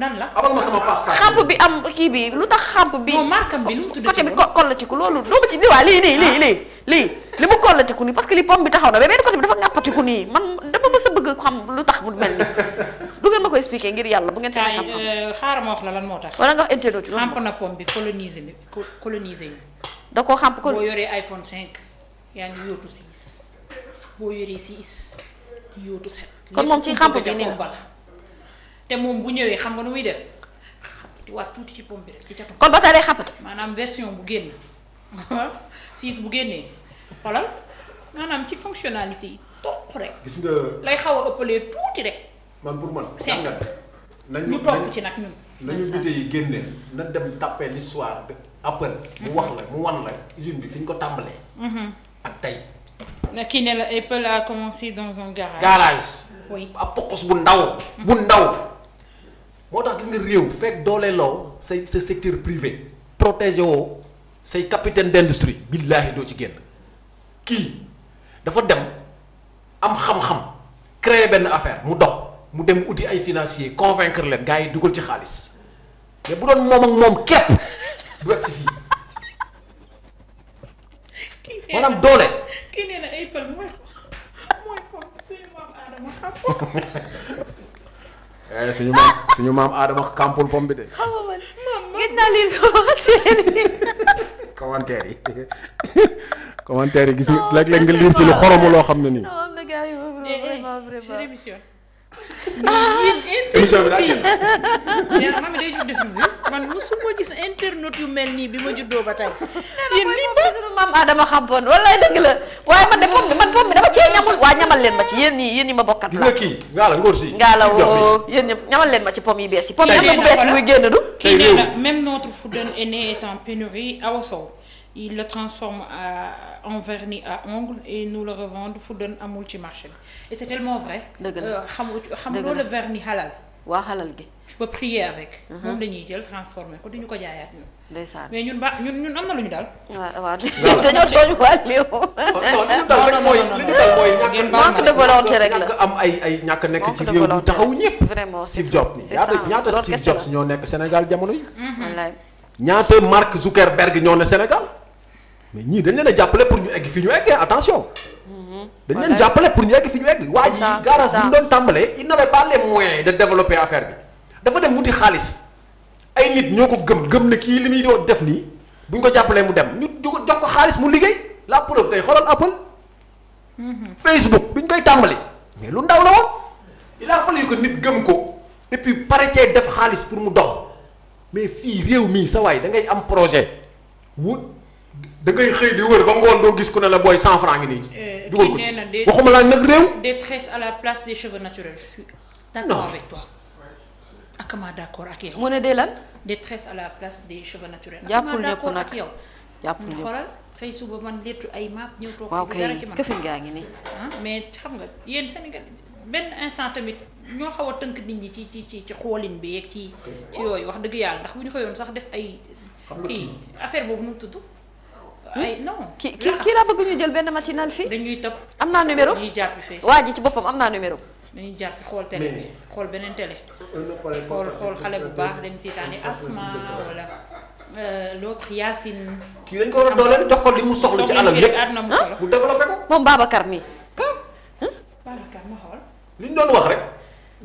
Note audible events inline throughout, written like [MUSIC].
nan la abal ma sama passe xàpp bi am kii bi lu tax xàpp bi. moom markam bi lu mu tudd côté bi kollatiku loolu doo ma ci diwaa lii nii lii lii lii li mu kollatiku nii parce que li pomme bi taxaw na mais benn côté bi dafa ŋàppatiku nii man dama mës a bëgg xam lu tax mu mel nii [LAUGHS] du ngeen ma ko expliquer ngir yàlla bu ngeen see xam euh, xaaral ma wax la lan moo tax wala nga wax internet ci xàmp na pomme bi coloniser bi coloniser yi da koo xàmp ko boo yoree iPhone 5 yaa ngi yóotu 6 boo yoree 6 yóotu 7 kon moom ci xàmp bi nii la te moom bu ñëwee xam nga nu muy def xapati waat tuuti ci pompe bi rek ci catu. kon ba tey day maanaam version bu génn [LAUGHS] siis bu génnee xoolal maanaam ci fonctionnalité yi toq rek. gis nga lay xaw a ëppalee tuuti rek. man pour man jàngat. nañu ñu topp ci nag ñun. nañu bité yi génne na dem tapé l'histoire de Apple. mu mhm. wax la mu wan la usine bi fi ñu ko tàmbalee. Mhm. ak tey. na kii ne la Apple a commencé dans un garage. garage. oui ab pokos bu ndaw. bu ndaw. moo tax gis nga réew fekk dooleeloo say sa secteur privé protégé woo say capitaine d'industrie billaahi doo ci génn kii dafa dem am xam-xam créer benn affaire mu dox mu dem uti ay financier convaincre leen gaa yi dugal ci xaalis mais bu doon moom ak moom képp du egg si fii maanaam doole. kii [LAUGHS] Eh, suñu maam [LAUGHS] suñu maam Adama kampul pom bi de. xam nga man [LAUGHS] yi. [LAUGHS] commentaire yi gis nga léeg nga lire ci lu xoromu loo xam ne nii. émission bi daa génn. nee [LAUGHS] na mami day judd fi bi man mosuma gis internet yu mel nii bi ma juddoo ba tey. [LAUGHS] yéen nii ba suñu maam Adama xamboon walaay dëgg la waaye man de pom bi man pom bi dama waa ñamal leen ma ci yéen ñii yéen ma bokkat la. gis nga kii woo oh, yéen ñëpp ñamal leen ma ci pom yi bees yi. pom yi am na bu bees bi muy génn du. même notre food and aîné sow il le transforme à, en vernis à ongles et nous le revendent fu doon amul ci marché bi. et c'est tellement vrai. dëgg la xam xamuloo le vernis halal. waa halal gi. tu peux prier avec. moom la ñuy jël transformé ko duñu ko jaayaat ñun. mais ñun ba ñun ñun am na daal. waaw waaw dañoo tooñ wàllu. manque de volonté rek la am ay ñàkk nekk ci réew ñu taxaw ñëpp. vraiment Steve Jobs ñaata Steve Jobs ñoo nekk Sénégal jamono yi. ñaata Mark Zuckerberg ñoo ne Sénégal. mais ñii dañ leen a jàppale pour ñu egg fi ñu egg attention. dañ leen jàppale pour ñu egg fi ñu egg. waa ji garage bi ñu doon tàmbalee. il n'avait pas les moyens de développer affaire bi dafa dem wuti xaalis ay nit ñoo ko gëm gëm ne kii li muy doon def nii bu ñu ko jàppalee mu dem ñu jox ko xaalis mu liggéey la preuve tey xoolal Apple. Mhm. Facebook bi ñu koy tàmbali mais lu ndaw la woon il a fallu que nit gëm ko et puis pare cee def xaalis pour mu dox mais fii réew mii sa waay da ngay am projet wut. da ngay xëy di wër ba ngoon doo gis ku ne la booy cent franc ngi nii. Eh, dugal ko ci waxuma laa nag réew. détresse à la place des cheveux naturels. je suis d'accord avec toi. ak ma d'accord ak yow. mu ne de lan. détresse à la place des cheveux naturels. jàppul ñëpp nag ak yow. jàppul ñëpp xoolal xëy suba man léttu ay maap ñëw toog. waaw ma këfin gaa ngi nii. Ah, mais xam nga yéen Sénégal benn instant tamit ñoo xaw a tënk nit ñi ci ci ci ci xoolin bi yeeg ci ci yooyu wax dëgg yàlla ndax bu ñu xëyoon sax def ay. kii affaire boobu nu Hmm? ay non. ki ki kii laa ñu jël benn matinal fii. dañuy topp am naa numéro dañuy jàpp fii. waa ji ci boppam am naa numéro. dañuy jàpp xool télé bi xool beneen télé. xool xool xale bu baax dem seetaani Asma wala. Euh, l'autre Yacine. kii dañ ko war a dooleel jox ko li mu soxla ci anam yëpp bu développé ko. moom Babacar mii. Babacar ma xool. li ñu wax rek.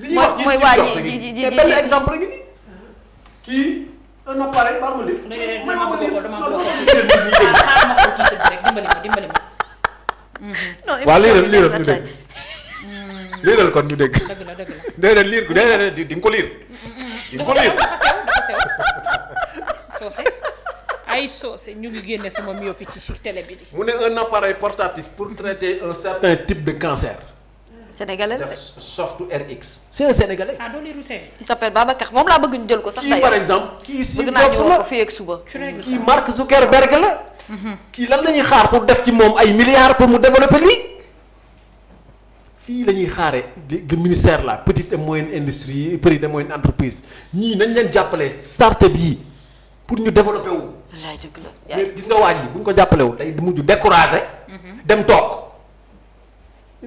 li ñuy wax ci suñu dox gi mooy rek kii. non non pare ba amul lépp. man ma bëgg liiral ñu dégg. liiral kon ñu dégg. dëgg la dëgg la déedéet di nga ko liir. di nga ko liir dafa sew dafa sew soose ay soose ñu ngi génne sama myopie ci ci télé bi. mu ne un appareil portatif pour traiter un certain type de cancer. Sénégalais la Softu RX. c'est un Sénégalais. ah doo il s'appelle Babacar moom laa bëgg ñu jël ko sax. kii par exemple kii si bopp la bëgg naa ko fii ak la. Mhm. kii lan la ñuy xaar pour def ci moom ay milliards pour mu développer lii. fii la ñuy xaare ministère la petite et moyenne industrie petite et moyenne ñii nañ leen jàppale start-up yi pour ñu développer wu. wallaay dëgg la gis nga waaj yi bu ñu ko jàppalewu wu day mujj découragé. Mhm. dem toog.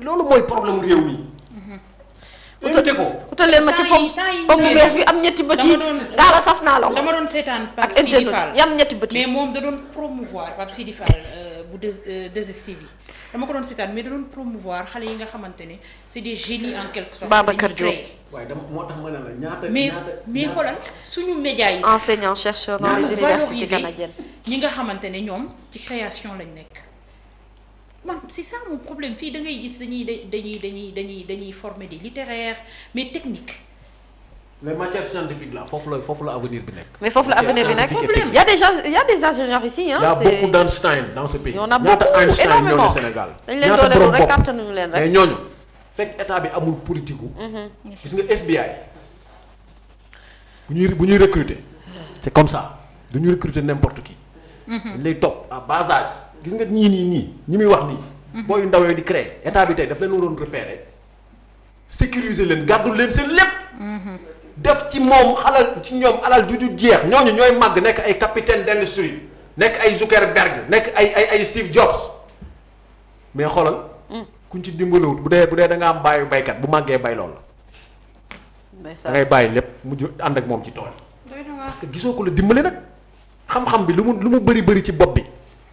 loolu mooy problème réew mi. Mm-hmm. utal ko utal leen ma ci pom pom bu bees bi am ñetti bët yi daala sas naa la ko dama doon seetaan Pape Sidi Fall yam ñetti bët mais moom da doon promouvoir Pape Sidi Fall euh, bu euh, dama ko doon seetaan mais da doon promouvoir xale yi nga xamante ne c'est des génies en quelque sorte Babacar Diop waaye dama suñu média yi enseignant chercheur dans les nga xamante ne ñoom ci création lañ nekk man c'est ça mon problème fii da ngay gis dañuy dañuy dañuy dañuy dañuy former des littéraires mais technique. les matières scientifiques là foofu la foofu la avenir bi nekk. mais foofu la avenir bi nekk problème y' a des gens y' a des ingénieurs ici hein. y' a beaucoup d'Einstein dans ce pays. on ñooñu fekk état bi amul politique mhm. gis nga FBI. bu ñuy bu ñuy recruter. c' comme ça du ñu recruter n' importe qui. dañ mhm. lay topp à bas gis nga ñii nii nii ñi muy wax nii. Mhm. booy ndaw yooyu di créer état bi tey daf leen waroon repérer sécuriser leen gàddul leen seen lépp. Mhm. def ci moom xalal ci ñoom alal ju du jeex ñooñu ñooy màgg nekk ay capitaine d'industrie nekk ay Zuckerberg nekk ay ay ay Steve Jobs mais xoolal. Mm. kuñ ci dimbaliwut bu dee bu dee da nga am bàyyi baykat bu màggee bay lool la. da ngay bàyyi lépp mujj ànd ak moom ci tool. parce que gisoo ko la dimbali nag xam-xam bi lu mu lu mu bëri bëri ci bopp bi.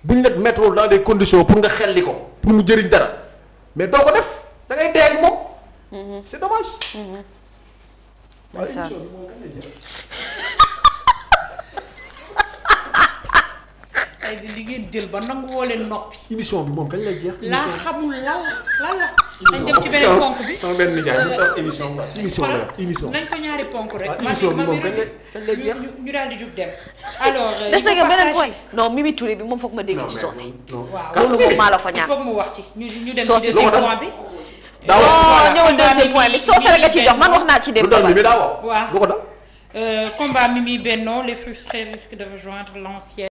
duñ la mettre dans des conditions pour nga xelli ko pour mu jëriñ dara mais doo ko def da ngay dee ak moom. Mm-hmm. c'est dommage. Mm-hmm. tey di li ngeen jël ba nangu woo leen noppi. émission bi moom kañ lay jeex. laa xamul lan lan la. nañ dem ci beneen ponk bi sama benn nijaay ñu toog émission bi moom kañ lay jeex ñu daal jug dem. alors euh, li beneen point non Mimi Touré bi moom foog ma dégg ci soose. waaw loolu ko ñaan foog mu wax point bi. Oh, soose rek nga jox man wax naa ci dem. lu dal Mimi daa woo. waaw euh, combat Mimi Benno les frustrés risquent de rejoindre l'ancienne